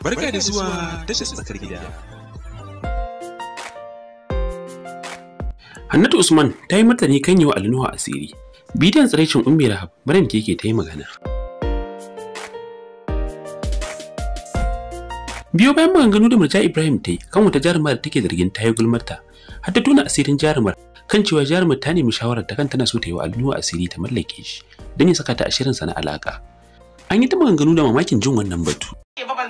Barka da zuwa tashar tsakar gida. Hannatu Usman ta yi martani kan yi wa a asiri. Bidiyon tsiraicin Ummi Rahab, da keke ta yi magana. Biyo bayan maganganu da Murja Ibrahim ta yi kan wata jarumar da take zargin ta yi gulmarta, har ta tuna asirin jarumar kan cewa jarumar ta nemi shawarar ta kan tana so ta yi wa a asiri ta mallake shi don ya saka ta a shirinsa na alaka. An yi ta maganganu da mamakin jin wannan batu.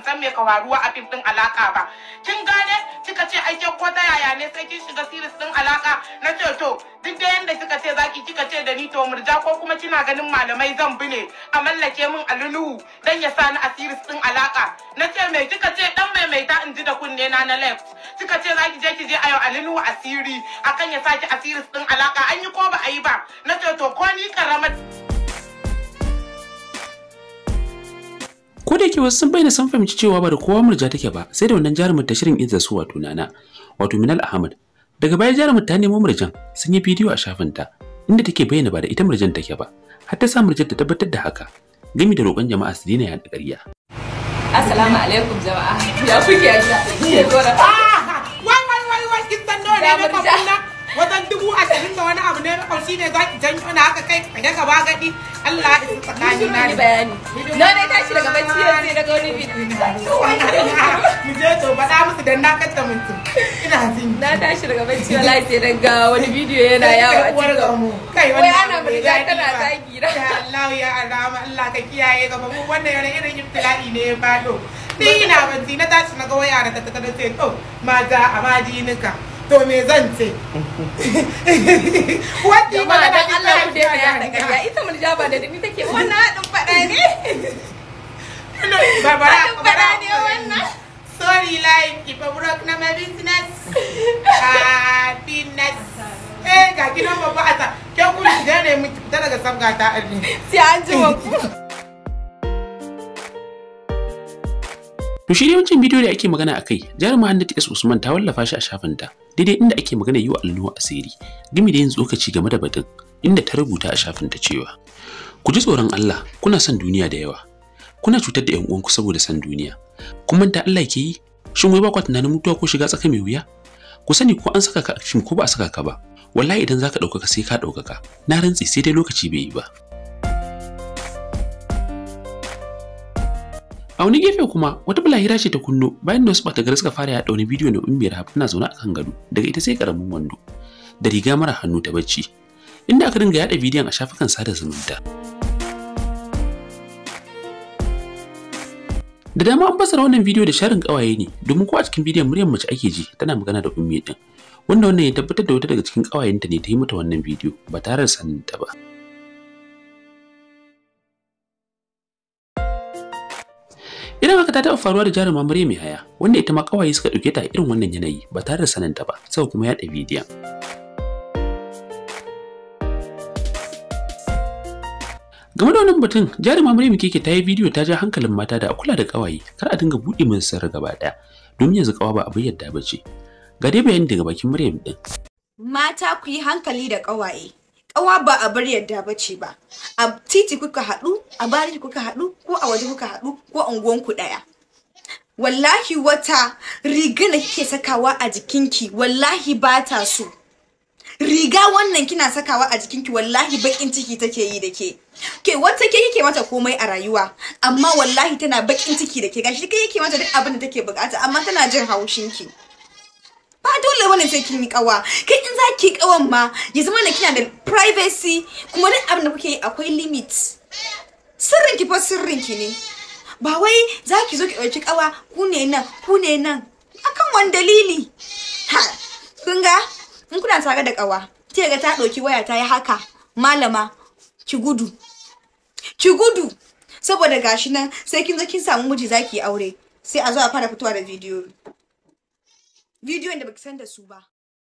ban san me kawaruwa a fim din alaka ba kin gane kika ce ai ko ta yaya ne sai kin shiga series din alaka na ce to duk da yanda kika ce zaki kika ce da ni to murja ko kuma kina ganin malamai zan bi ne a mallake min alulu dan ya sani a series din alaka na ce me kika ce dan maimaita in ji da kunne na na left kika ce zaki je ki je a yau alulu asiri akan ya saki a series din alaka an yi ko ba a yi ba na ce to ko ni karamar ko da yake wasu sun bayyana sun fahimci cewa ba da kowa murja take ba sai da wannan jarumin ta shirin izza su wato nana wato minal ahmad daga baya jarumin ta nemo murjan sun yi bidiyo a shafin ta, inda take bayyana ba da ita murjan take ba har ta sa murjan ta tabbatar da haka gami da roƙon jama'a su dina yaɗa ƙarya. Assalamu alaikum jama'a ya kuke yanzu. Ah! Wai wai wai wai kin san nawa ne na kabulla. wajen dubu ashirin da wani abu ne makwabci ne za ki janyo na haka kai ka daga ba gadi Allah ya isa tsakani na ni na tashi daga bacci daga wani bidiyo mu na katta mutum daga bacci daga wani bidiyo yana yawo a cikin kai ana kiyaye wannan yana irin ne ya ni na ga waya da ta ta a to me zan ce wanda ma da Allah ku da ya daga ya ita mun jaba da ni take wannan hadin fada ne ba ba fada ne wannan sorry like ki I broke na my business happiness eh ga gidan babba asa ke kun da ne mu fita daga sabgata sai an ji ku To shi ne wancan bidiyo da ake magana a kai, jarumin Hannatu S. Usman ta wallafa shi a shafinta, daidai inda ake magana yi wa alluwa asiri gimi da yin tsokaci game da batun inda ta rubuta a shafin ta cewa ku ji tsoron Allah kuna son duniya da yawa kuna cutar da 'yan uwanku saboda son duniya kun manta Allah ke yi shin wai ba ku tunanin mutuwa ko shiga tsaka mai wuya ku sani ko an saka ka shin ko ba a saka ka ba wallahi idan zaka ɗaukaka sai ka ɗaukaka na rantsi sai dai lokaci bai yi ba A wani gefe kuma wata balahira ce ta kunno bayan da wasu gari suka fara yaɗa wani bidiyo na Ummi Rahab na zaune a kan gado daga ita sai karamin wando da riga mara hannu ta bacci inda aka dinga yaɗa bidiyon a shafukan sada zumunta. Da dama an fassara wannan bidiyo da sharin kawaye ne domin ko a cikin bidiyon muryar mace ake ji tana magana da Ummi din wanda wannan ya tabbatar da wata daga cikin kawayenta ne ta yi mata wannan bidiyo ba tare da sanin ta ba. Idan haka ta taɓa faruwa da jaruma Maryam haya, wanda ita ma ƙawaye suka ɗauke ta irin wannan yanayi ba tare da sananta ba, sau kuma yaɗa bidiyon. Game da wannan batun, jarumar Maryam Keke ta yi bidiyo ta ja hankalin mata da a kula da ƙawaye, kar a dinga buɗe min sirri gaba ɗaya, domin yanzu ƙawa ba abin yadda ba ce. Ga dai bayani daga bakin Maryam ɗin. Mata ku yi hankali da ƙawaye. kawa ba a bar yadda ba ce ba a titi kuka haɗu a bariki kuka haɗu ko a waje kuka haɗu ko a unguwanku ɗaya wallahi wata riga da kike sakawa a jikinki wallahi ba ta so riga wannan kina sakawa a jikinki wallahi bakin ciki take yi da ke ke wata ke kike mata komai a rayuwa amma wallahi tana bakin ciki da ke gashi kai yake mata duk abin da take bukata amma tana jin haushin ki ba dole bane sai kin yi kawa kai in za ki kawan ma ya zama na kina da privacy kuma duk abin da kuke yi akwai limit sirrin ki fa sirrin ki ne ba wai za ki zo ki ɗauki kawa ku ne nan ku ne nan akan wani dalili ha kun ga in kuna tare da kawa ke ga ta ɗauki waya ta yi haka malama ki gudu ki gudu saboda gashi nan sai kin zo kin samu miji zaki aure sai a zo a fara fitowa da bidiyo bidiyon da baki san da su ba